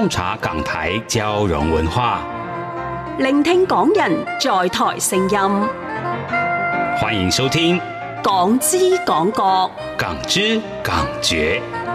洞察港台交融文化，聆聽港人在台聲音，歡迎收聽港港《港知港覺》。港知港覺。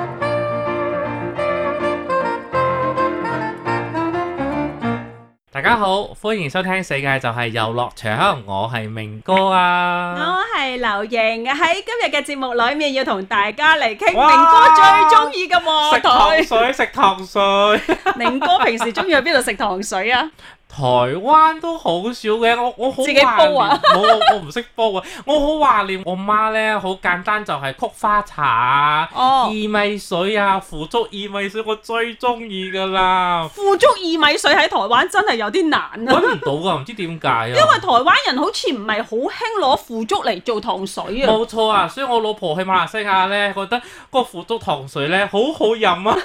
大家好，歡迎收聽《世界就係遊樂場》，我係明哥啊，我係劉瑩，喺今日嘅節目裏面要同大家嚟傾明哥最中意嘅話題——食糖水，食糖水。 明哥平時中意去邊度食糖水啊？台灣都好少嘅，我我好懷念啊。我我唔識煲啊， 我，我，煲我好懷念我媽咧，好簡單就係菊花茶、薏、哦、米水啊、腐竹薏米水，我最中意噶啦。腐竹薏米水喺台灣真係有啲難啊，搵唔到啊，唔知點解啊。因為台灣人好似唔係好興攞腐竹嚟做糖水啊。冇錯 啊，所以我老婆去馬來西亞咧，覺得個腐竹糖水咧好好飲啊。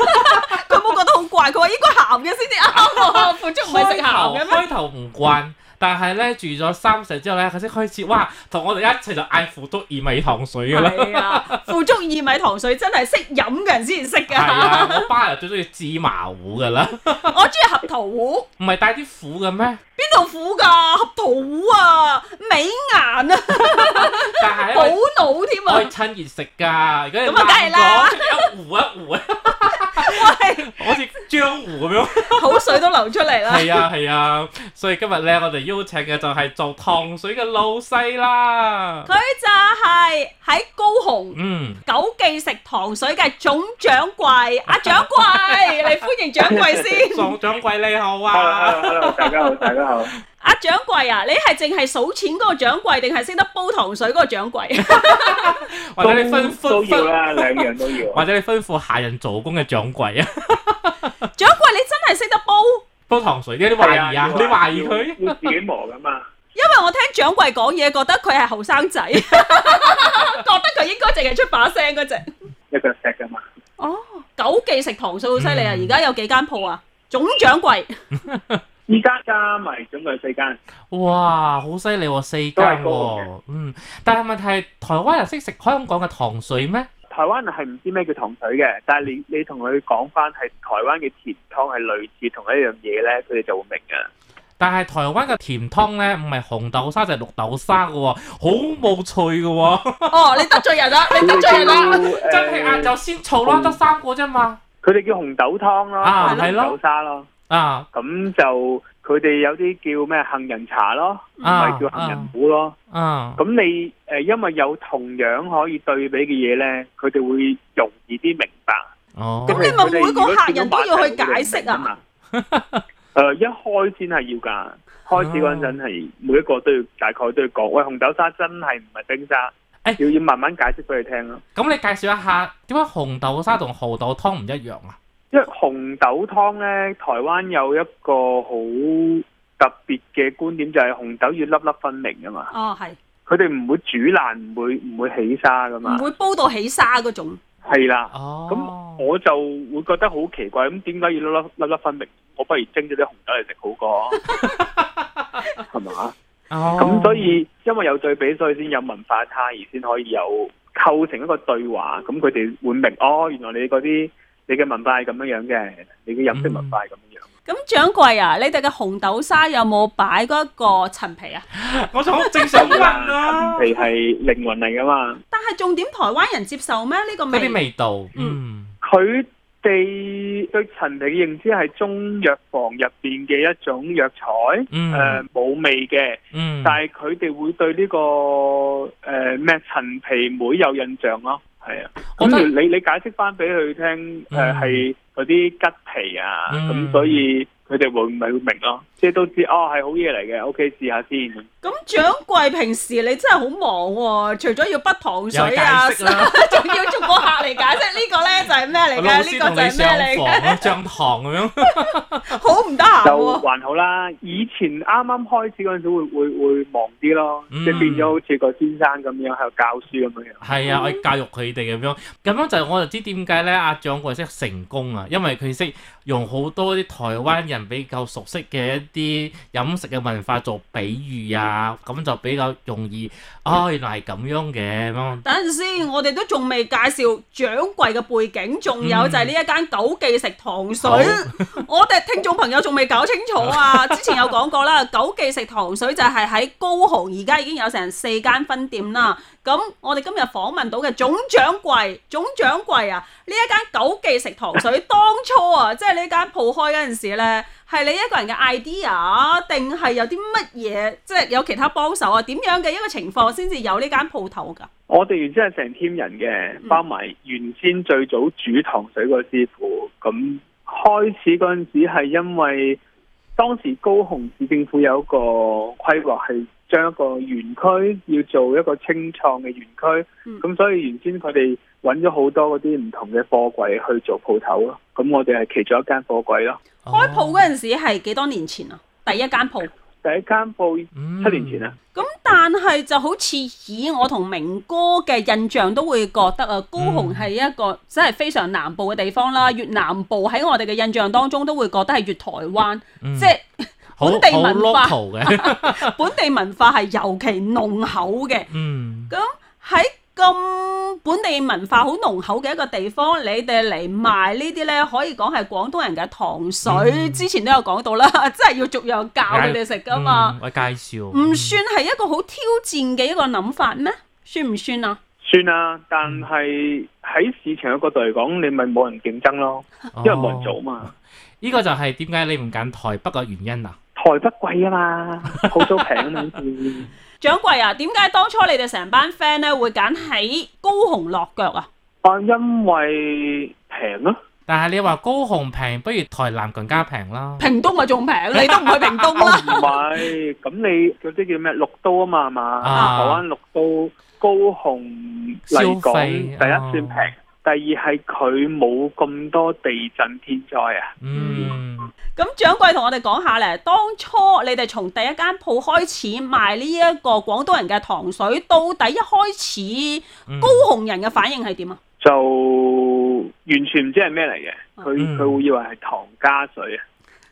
佢 冇 覺得好怪，佢話應該鹹嘅先至啱啊，腐竹唔係食鹹。哦，開頭唔慣。嗯。但係咧住咗三成之後咧，佢先開始哇，同我哋一齊就嗌腐竹薏米糖水噶啦。係啊，腐竹薏米糖水真係識飲嘅人先至識㗎。我爸又最中意芝麻糊㗎啦。我中意核桃糊。唔係帶啲苦嘅咩？邊度苦㗎核桃糊啊？美顏啊！補腦㖏，可以趁熱食㗎。咁啊，梗係啦，一糊一糊啊！喂，好似漿糊咁樣，口水都流出嚟啦。係啊係啊，所以今日咧我哋。邀請嘅就係做糖水嘅老細啦，佢就係喺高雄，嗯，九記食糖水嘅總掌櫃阿掌櫃嚟歡迎掌櫃先。阿掌櫃你好啊，hello，大家好，大家好。阿掌櫃啊，你係淨係數錢嗰個掌櫃，定係識得煲糖水嗰個掌櫃？或者你吩咐都要啦，兩樣都要。或者你吩咐下人做工嘅掌櫃啊？掌櫃，你真係識得煲？煲糖水啲有啲懷疑啊！你懷疑佢？自己磨噶嘛。因為我聽掌櫃講嘢，覺得佢係後生仔， 覺得佢應該淨係出把聲嗰隻。一腳踢㗎嘛。哦，九記食糖水好犀利啊！而家、嗯、有幾間鋪啊？總掌櫃，而家 加埋總共四間。哇！好犀利喎，四間喎。嗯，但係問題係台灣人識食香港嘅糖水咩？台灣係唔知咩叫糖水嘅，但係你你同佢講返係台灣嘅甜湯係類似同一樣嘢咧，佢哋就會明㗎。但係台灣嘅甜湯咧，唔係紅豆沙就係綠豆沙㗎，好冇趣㗎。哦，你得罪人啦，啊、你得罪人啦，真係晏晝先嘈啦，得三紅個啫嘛。佢哋叫紅豆湯咯，係咯、啊，紅豆沙咯，豆沙啊，咁就。佢哋有啲叫咩杏仁茶咯，唔係叫杏仁糊咯。咁你誒，因為有同樣可以對比嘅嘢咧，佢哋會容易啲明白。咁你問每一個客人都要去解釋啊？誒，一開先係要噶，開始嗰陣係每一個都要大概都要講。喂，紅豆沙真係唔係冰沙？誒，要要慢慢解釋俾佢聽咯。咁你介紹一下，點解紅豆沙同紅豆湯唔一樣啊？因為紅豆湯呢，台灣有一個好特別嘅觀點，就係紅豆要粒粒分明噶嘛。哦，係。佢哋唔會煮爛，唔會唔會起沙噶嘛。唔會煲到起沙嗰種。係啦的。哦。咁我就會覺得好奇怪，咁點解要粒粒粒粒分明？我不如蒸咗啲紅豆嚟食好過，係嘛 吧？哦。咁所以因為有對比，所以先有文化差異，先可以有構成一個對話。咁佢哋會明哦，原來你嗰啲。你嘅文化係咁樣樣嘅，你嘅飲食文化咁樣樣。咁掌櫃啊，你哋嘅紅豆沙有冇擺嗰一個陳皮啊？我想正常人啦，陳皮係靈魂嚟噶嘛。但係重點台灣人接受咩？呢個味味道，嗯，佢哋對陳皮嘅認知係中藥房入邊嘅一種藥材，誒，冇味嘅，但係佢哋會對呢個誒咩陳皮梅有印象咯。係啊，咁你你解釋翻俾佢聽誒，係。嗰啲吉皮啊，咁所以佢哋會唔係會明咯，即係都知哦係好嘢嚟嘅，O K 試下先。咁掌櫃平時你真係好忙喎、啊，除咗要滗糖水啊，仲 要做個客嚟解釋、這個、呢、這個咧就係咩嚟嘅？這個、呢、這個就係咩嚟？老糖咁樣，好唔得閒。 啊、就還好啦，以前啱啱開始嗰陣時都會會會忙啲咯，即係變咗好似個先生咁樣喺度教書咁樣。係、嗯、啊，去教育佢哋咁樣，咁樣就我就知點解咧，阿掌櫃識成功啊。因為佢識用好多啲台灣人比較熟悉嘅一啲飲食嘅文化做比喻啊，咁就比較容易啊，原來係咁樣嘅。等陣先，我哋都仲未介紹掌櫃嘅背景，仲有就係呢一間九記食糖水，嗯、 我哋聽眾朋友仲未搞清楚啊。之前有講過啦，九記食糖水就係喺高雄，而家已經有成四間分店啦。咁我哋今日訪問到嘅總掌櫃，總掌櫃啊，呢一間九記食糖水 當初啊，即係呢間鋪開嗰陣時呢，係你一個人嘅 idea，定係有啲乜嘢，即係有其他幫手啊？點樣嘅一個情況先至有呢間鋪頭噶？我哋原先係成 team 人嘅，包埋原先最早煮糖水個師傅。咁開始嗰陣時係因為當時高雄市政府有一個規劃係。將一個園區要做一個清創嘅園區，咁、嗯、所以原先佢哋揾咗好多嗰啲唔同嘅貨櫃去做鋪頭咯。咁我哋係其中一間貨櫃咯。開鋪嗰陣時係幾多年前啊？第一間鋪，第一間鋪七年前啊。咁、嗯、但係就好似以我同明哥嘅印象都會覺得啊，高雄係一個真係非常南部嘅地方啦。越南部喺我哋嘅印象當中都會覺得係越台灣，即係、嗯。即係本地文化， 本地文化係尤其濃厚嘅。嗯，咁喺咁本地文化好濃厚嘅一個地方，你哋嚟賣呢啲呢，可以講係廣東人嘅糖水。嗯、之前都有講到啦，真係要逐樣教佢哋食噶嘛、嗯。我介紹，唔、嗯、算係一個好挑戰嘅一個諗法咩？算唔算啊？算啊，但係喺市場嘅角度嚟講，你咪冇人競爭咯，因為冇人做嘛。呢、哦呢個就係點解你唔揀台北嘅原因啊？台北貴啊嘛，好多平啊！掌櫃啊，點解當初你哋成班 friend 咧會揀喺高雄落腳啊？啊，因為平咯、啊。但係你話高雄平，不如台南更加平啦。屏東咪仲平，你都唔去屏東啦？唔係 哦，咁你嗰啲叫咩？六都啊嘛，係嘛、啊？台灣六都高雄嚟講，啊、第一算平，第二係佢冇咁多地震天災啊。嗯。嗯。咁，掌櫃同我哋講下咧，當初你哋從第一間鋪開始賣呢一個廣東人嘅糖水，到底一開始高雄人嘅反應係點啊？就完全唔知係咩嚟嘅，佢佢會以為係糖加水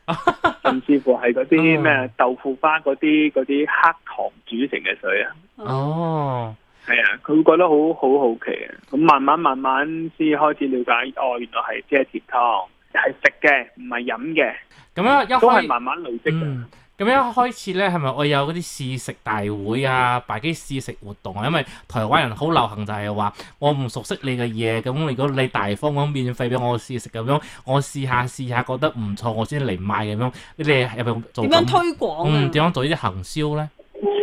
啊，甚至乎係嗰啲咩豆腐花嗰啲啲黑糖煮成嘅水啊。哦 係啊，佢會覺得好好好奇啊。咁慢慢慢慢先開始了解，哦，原來係即係甜湯。係食嘅，唔係飲嘅。咁樣一開始都係慢慢累積嘅。咁樣一開始咧，係咪、嗯、我有嗰啲試食大會啊、擺機試食活動啊？因為台灣人好流行就係話，我唔熟悉你嘅嘢，咁如果你大方咁免費俾我試食咁樣,樣,樣，我試下試下覺得唔錯，我先嚟買咁樣。你哋有冇做點樣推廣啊？點、嗯、樣做銷呢啲行銷咧？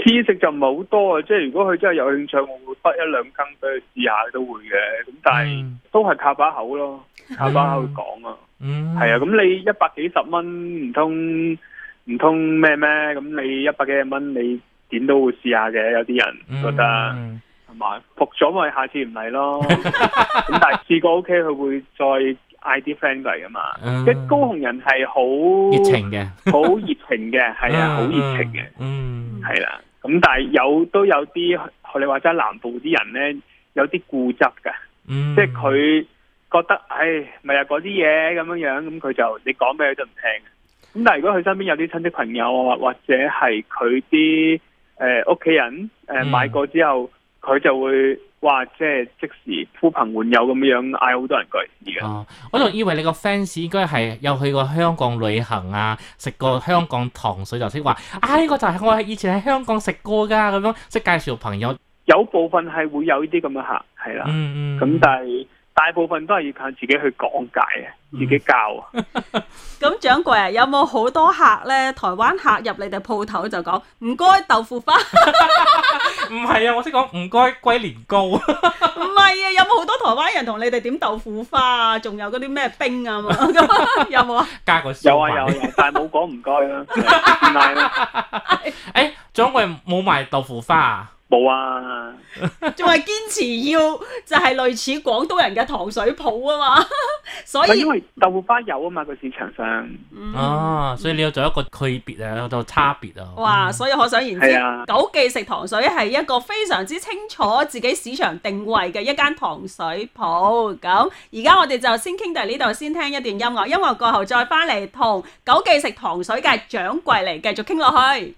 試食就唔係好多啊，即係如果佢真係有興趣，我會得一兩羹俾佢試下，佢都會嘅。咁但係都係靠把口咯。阿爸會講啊，係啊、哎，咁你一百幾十蚊唔通唔通咩咩？咁你一百幾十蚊，你點都會試下嘅。有啲人覺得係、嗯 OK，嘛，服咗咪下次唔嚟咯。咁但係試過 OK，佢會再嗌啲 friend 嚟㗎嘛。即係高雄人係好熱情嘅，好 熱、嗯、情嘅，係啊、嗯，好熱情嘅，係啦。咁但係有都有啲學你話齋南部啲人咧，有啲固執嘅，即係佢。 覺得唉，咪呀嗰啲嘢咁樣樣，咁、嗯、佢就你講俾佢都唔聽。咁但係如果佢身邊有啲親戚朋友啊，或者係佢啲誒屋企人誒、呃、買過之後，佢就會話即係即時呼朋喚友咁樣嗌好多人過嚟試嘅、哦。我仲以為你個 fans 應該係有去過香港旅行啊，食過香港糖水就識話啊，呢個就係我以前喺香港食過噶咁樣，即係介紹朋友。有部分係會有呢啲咁嘅客，係啦，嗯嗯，咁、嗯、但係，大部分都係要靠自己去講解啊，自己教啊。咁掌櫃啊，有冇好多客咧？台灣客入你哋鋪頭就講，唔該豆腐花，唔 係 啊，我識講唔該龜苓膏。唔 係 啊，有冇好多台灣人同你哋點豆腐花啊？仲有嗰啲咩冰啊？ 酥 有冇啊？加個有啊有啊，但係冇講唔該啊。唔係啊。誒、 哎，掌櫃冇賣豆腐花。冇啊，仲係堅持要就係類似廣東人嘅糖水鋪啊嘛，所以因為豆腐花有啊嘛個市場上，嗯、啊，所以你要做一個區別啊，有做差別啊。嗯、哇，所以可想而知，啊、九記食糖水係一個非常之清楚自己市場定位嘅一間糖水鋪。咁而家我哋就先傾到喺呢度，先聽一段音樂，音樂過後再翻嚟同九記食糖水嘅掌櫃嚟繼續傾落去。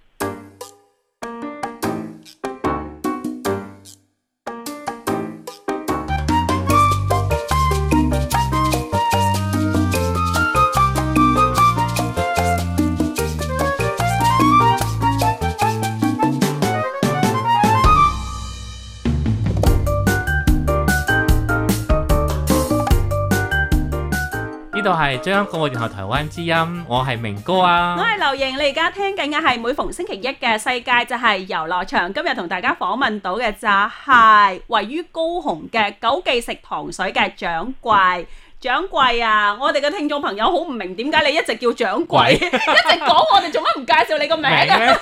就係張國榮同台灣之音，我係明哥啊，我係劉盈。你而家聽緊嘅係每逢星期一嘅世界就係遊樂場。今日同大家訪問到嘅就係位於高雄嘅九記食糖水嘅掌櫃。掌櫃啊，我哋嘅聽眾朋友好唔明點解你一直叫掌櫃，一直講我哋做乜唔介紹你個名啊？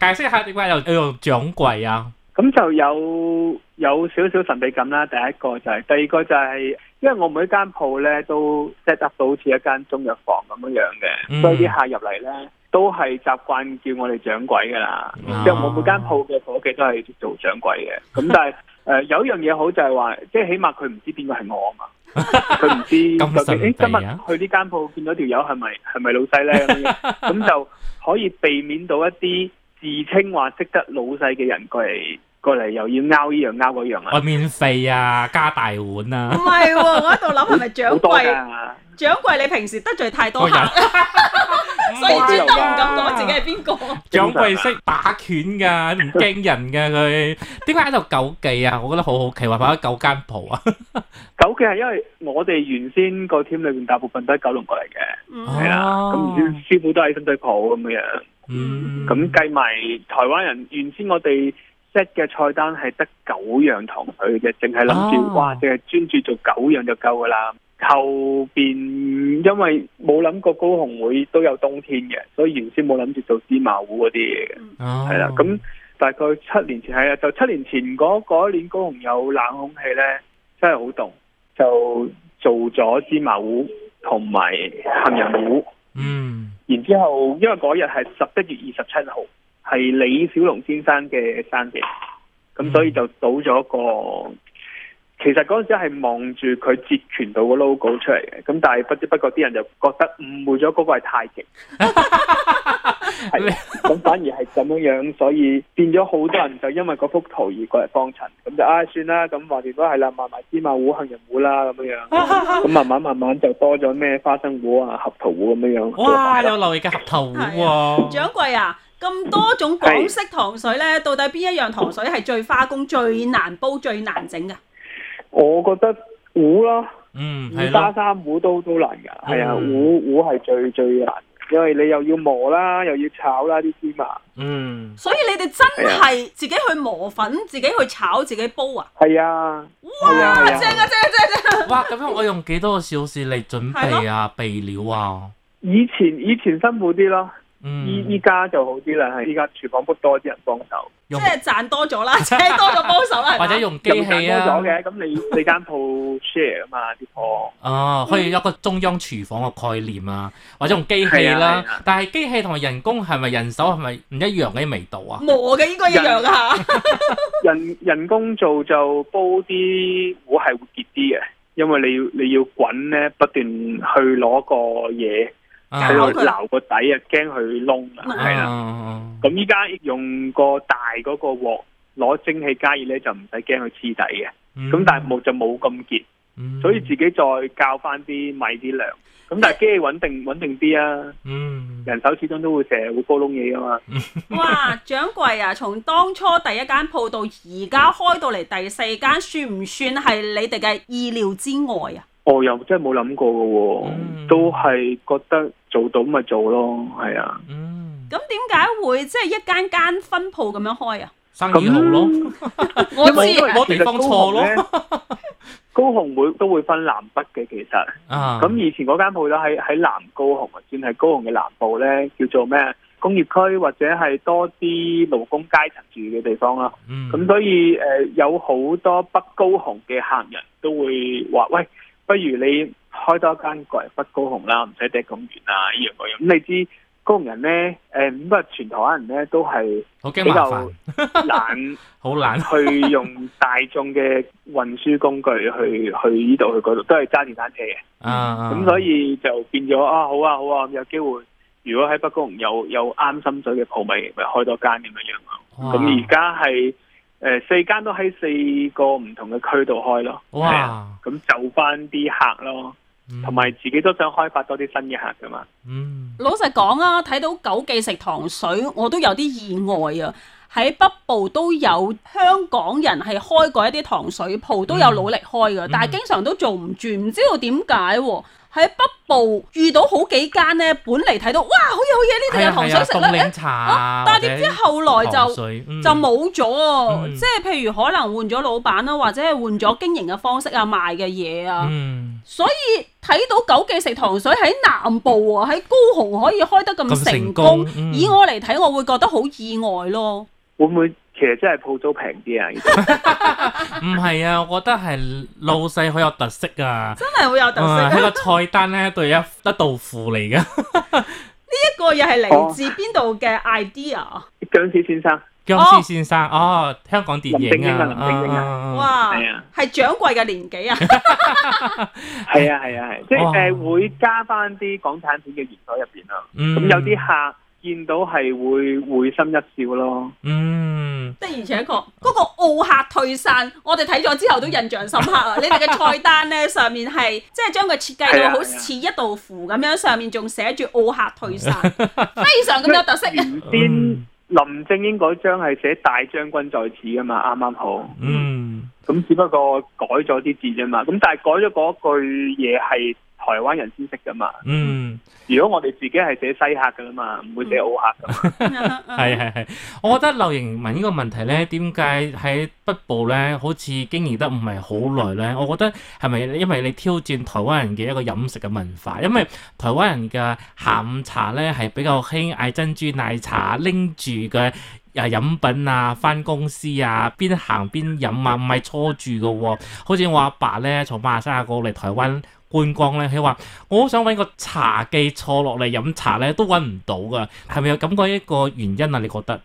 解釋下點解又叫做掌櫃啊？咁就有有少少神秘感啦。第一個就係，第二個就係。因為我每間鋪咧都即係搭到好似一間中藥房咁樣樣嘅，所以啲客入嚟咧，都係習慣叫我哋掌櫃噶啦。即係、嗯、我每間鋪嘅夥計都係做掌櫃嘅。咁但係誒有一樣嘢好就係話，即係起碼佢唔知邊個係我啊嘛。佢 唔知 咁神秘究竟。哎、今日去呢間鋪見到條友係咪係咪老細咧咁樣，咁就可以避免到一啲自稱話識得老細嘅人過嚟。過嚟又要拗呢樣拗嗰樣啊，啊！我免費啊，加大碗啊！唔係喎，我喺度諗係咪掌櫃？掌櫃，你平時得罪太多人、啊，我有 所以專登唔敢講自己係邊個。掌櫃識打拳噶，唔驚人噶佢。點解喺度九記啊？我覺得好好奇，話咗九間鋪啊。九記係因為我哋原先個 team 裏邊大部分都係九龍過嚟嘅，係、嗯、啊，咁唔、哦、師傅都喺分對鋪咁樣。嗯，咁計埋台灣人，原先我哋。即嘅菜單係得九樣糖水嘅，淨係諗住哇，淨係專注做九樣就夠噶啦。後邊因為冇諗過高雄會都有冬天嘅，所以原先冇諗住做芝麻糊嗰啲嘢嘅，係啦、oh.。咁大概七年前係啊，就七年前嗰一年高雄有冷空氣呢，真係好凍，就做咗芝麻糊同埋杏仁糊。嗯、oh.，然之後因為嗰日係十一月二十七號。係李小龍先生嘅生仔，咁、嗯、所以就倒咗個，其實嗰陣時係望住佢截拳道嘅 logo 出嚟嘅，咁但係不知不覺啲人就覺得誤會咗嗰個係太極，係咁 反而係咁樣樣，所以變咗好多人就因為嗰幅圖而過嚟幫襯，咁就啊、哎、算啦，咁話如果係啦，賣賣芝麻糊、杏仁糊啦咁樣樣，咁慢慢慢慢就多咗咩花生糊啊、核桃糊咁樣樣，哇！有留意嘅核桃糊掌櫃啊！ 對呀 咁多種港式糖水呢，到底邊一樣糖水係最花工、最難煲、最難整嘅？我覺得糊咯，嗯，二沙三糊都都難噶，係啊，糊糊係最最難，因為你又要磨啦，又要炒啦啲芝麻，嗯，所以你哋真係自己去磨粉，自己去炒，自己煲啊？係啊！哇，正啊，正啊，正！哇，咁樣我用幾多個小時嚟準備啊，備料啊？以前以前辛苦啲咯。依依家就好啲啦，係依家廚房多啲人幫手，即係賺多咗啦，請多個幫手啦，或者用機器啊。咁你你間鋪 share 啊嘛啲湯，哦，可以有一個中央廚房嘅概念啊，或者用機器啦、啊。但係機器同埋人工係咪人手係咪唔一樣嘅味道啊？磨嘅工 應該一樣啊。人 人工做就煲啲糊係會結啲嘅，因為你要你要滾咧，不斷去攞個嘢。喺度撈個底啊，驚佢窿啊，係啦。咁依家用個大嗰個鑊攞蒸汽加熱咧，就唔使驚佢黐底嘅。咁、嗯、但係冇就冇咁結，所以自己再教翻啲米啲糧。咁但係機器穩定穩定啲啊。嗯，人手始終都會成日會煲窿嘢噶嘛。哇，掌櫃啊，從當初第一間鋪到而家開到嚟第四間，算唔算係你哋嘅意料之外啊？哦、嗯，又真係冇諗過嘅喎。都係覺得做到咪做咯，係啊。嗯，咁點解會即係、就是、一間間分鋪咁樣開啊？生意好咯，嗯、 因為 我、啊、因為其實高雄咧， 高雄會都會分南北嘅，其實。啊。咁以前嗰間鋪都喺喺南高雄啊，算係高雄嘅南部咧，叫做咩？工業區或者係多啲勞工階層住嘅地方啦。嗯。咁所以誒、呃，有好多北高雄嘅客人都會話：喂，不如你。開多一間過嚟北高雄啦，唔使趯咁遠啊！呢樣嗰樣，你知高雄人咧，誒咁啊，全台灣人咧都係比較懶，好 懶去用大眾嘅運輸工具去去呢度去嗰度，都係揸電單車嘅。咁、uh, 嗯，所以就變咗啊，好啊好啊，有機會如果喺北高雄有有啱心水嘅鋪位，咪開多間咁樣樣咯。咁而家係誒四間都喺四個唔同嘅區度開咯。哇、uh, uh, 嗯！咁就翻啲客咯。同埋自己都想開發多啲新嘅客㗎嘛。嗯，老實講啊，睇到九記食糖水，我都有啲意外啊。喺北部都有香港人係開過一啲糖水鋪，都有努力開㗎，但係經常都做唔住，唔知道點解喎。喺北部遇到好幾間呢，本嚟睇到哇，好嘢，好嘢，呢度有糖水食喇，但係點知後來就、嗯、就冇咗，嗯、即係譬如可能換咗老闆啦，或者係換咗經營嘅方式啊，賣嘅嘢啊，嗯、所以睇到九記食糖水喺南部喎，喺、嗯、高雄可以開得咁成功，成功嗯、以我嚟睇，我會覺得好意外咯，會唔會？其實真係鋪租平啲啊！唔係啊，我覺得係老細好有特色啊。真係好有特色。呢個菜單咧，對一得道符嚟噶，呢一個又係嚟自邊度嘅 idea？殭屍先生，殭屍先生，哦，香港電影啊，林正英啊，哇，係啊，係掌櫃嘅年紀啊，係啊係啊係，即係會加翻啲港產片嘅元素入邊啦。咁有啲客見到係會會心一笑咯，嗯。的而且確，嗰、那個奧客退散，我哋睇咗之後都印象深刻啊！你哋嘅菜單咧上面係即係將佢設計到好似一道符咁樣，上面仲寫住奧客退散，非常咁有特色。原先林正英嗰張係寫大將軍在此㗎嘛，啱啱好。嗯，咁只不過改咗啲字啫嘛。咁但係改咗嗰句嘢係台灣人先識噶嘛？嗯，如果我哋自己係寫西客噶啦嘛，唔會寫奧客咁。係係係，我覺得劉瑩問呢個問題咧，點解喺北部咧好似經營得唔係好耐咧？我覺得係咪因為你挑戰台灣人嘅一個飲食嘅文化？因為台灣人嘅下午茶咧係比較興嗌珍珠奶茶，拎住嘅誒飲品啊，返公司啊，邊行邊飲啊，唔係坐住嘅喎、哦。好似我阿爸咧，從馬來西亞過嚟台灣。觀光咧，佢話：我好想揾個茶記坐落嚟飲茶咧，都揾唔到噶。係咪有咁嘅一個原因啊？你覺得？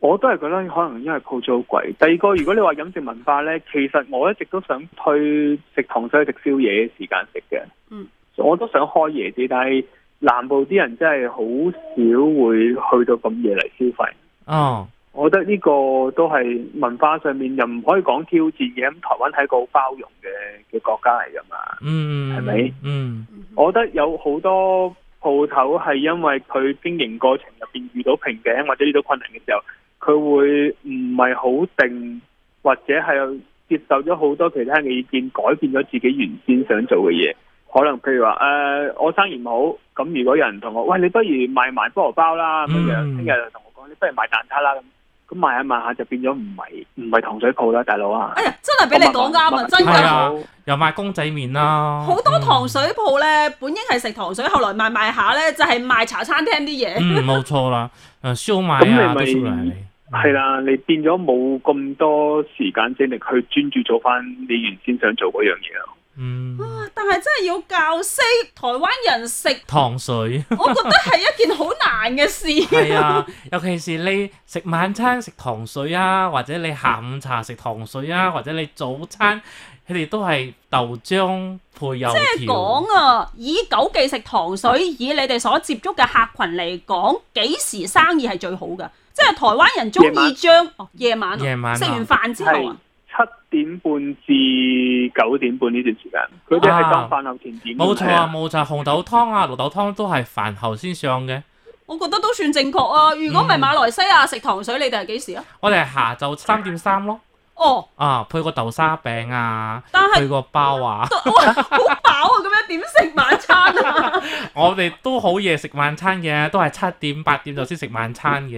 我都係覺得可能因為鋪租好貴。第二個，如果你話飲食文化呢，其實我一直都想推食糖水、食宵夜嘅時間食嘅。嗯，我都想開夜啲，但係南部啲人真係好少會去到咁夜嚟消費。哦。我覺得呢個都係文化上面又唔可以講挑戰嘅，咁台灣係一個好包容嘅嘅國家嚟㗎嘛，嗯嗯係咪？嗯，吧嗯我覺得有好多鋪頭係因為佢經營過程入邊遇到瓶頸或者遇到困難嘅時候，佢會唔係好定，或者係接受咗好多其他嘅意見，改變咗自己原先想做嘅嘢。可能譬如話，誒、呃，我生意唔好，咁如果有人同我，喂，你不如賣埋菠蘿包啦，咁樣、嗯，聽日就同我講，你不如賣蛋撻啦咁。咁賣下賣下就變咗唔係唔係糖水鋪啦，大佬、哎、啊！哎呀，真係俾你講啱啊，真係好！又賣公仔麵啦，好、嗯、多糖水鋪咧，本應係食糖水，後來賣一賣下咧就係賣茶餐廳啲嘢。冇錯啦，誒，燒賣，賣你、嗯、啊，都算係。係啦，你變咗冇咁多時間精力去專注做翻你原先想做嗰樣嘢啊！嗯，但係真係要教識台灣人食糖水， 我覺得係一件好難嘅事。係 啊，尤其是你食晚餐食糖水啊，或者你下午茶食糖水啊，或者你早餐，佢哋都係豆漿配油條，即係講啊，以九記食糖水，嗯、以你哋所接觸嘅客群嚟講，幾時生意係最好㗎？即、就、係、是、台灣人中意將夜晚夜上、哦、晚食、啊、完飯之後啊。嗯七點半至九點半呢段時間，佢哋係當飯後甜點嘅。冇錯啊，冇錯啊，紅豆湯啊、綠豆湯都係飯後先上嘅。我覺得都算正確啊！如果唔係馬來西亞食糖水，嗯，你哋係幾時啊？我哋係下晝三點三咯。哦，啊，配個豆沙餅啊，但係配個包啊，好、哦、飽啊，咁樣點食晚餐啊？ 我哋都好夜食晚餐嘅，都係七點八點就先食晚餐嘅。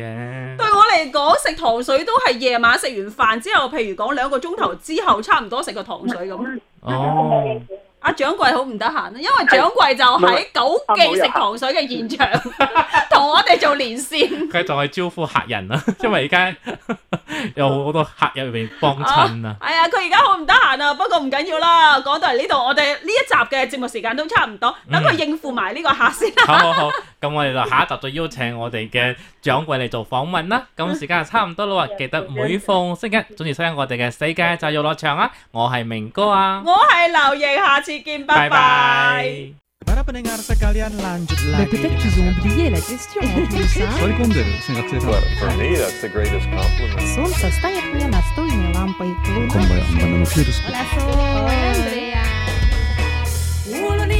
對我嚟講，食糖水都係夜晚食完飯之後，譬如講兩個鐘頭之後，差唔多食個糖水咁。 哦。阿、啊、掌櫃好唔得閒啦，因為掌櫃就喺九記食糖水嘅現場，同、哎、我哋做連線。佢就係招呼客人啦，啊，因為而家有好多客入嚟幫襯啊。係啊，佢而家好唔得閒啊，不過唔緊要啦。講到嚟呢度，我哋呢一集嘅節目時間都差唔多，等佢應付埋呢個客先啦，啊嗯。好，好。咁我哋就下一集再邀請我哋嘅掌櫃嚟做訪問啦。咁時間就差唔多啦，記得每逢星期一準時收聽我哋嘅《世界就係遊樂場》啊！我係明哥啊，我係劉瑩，下次見，拜拜。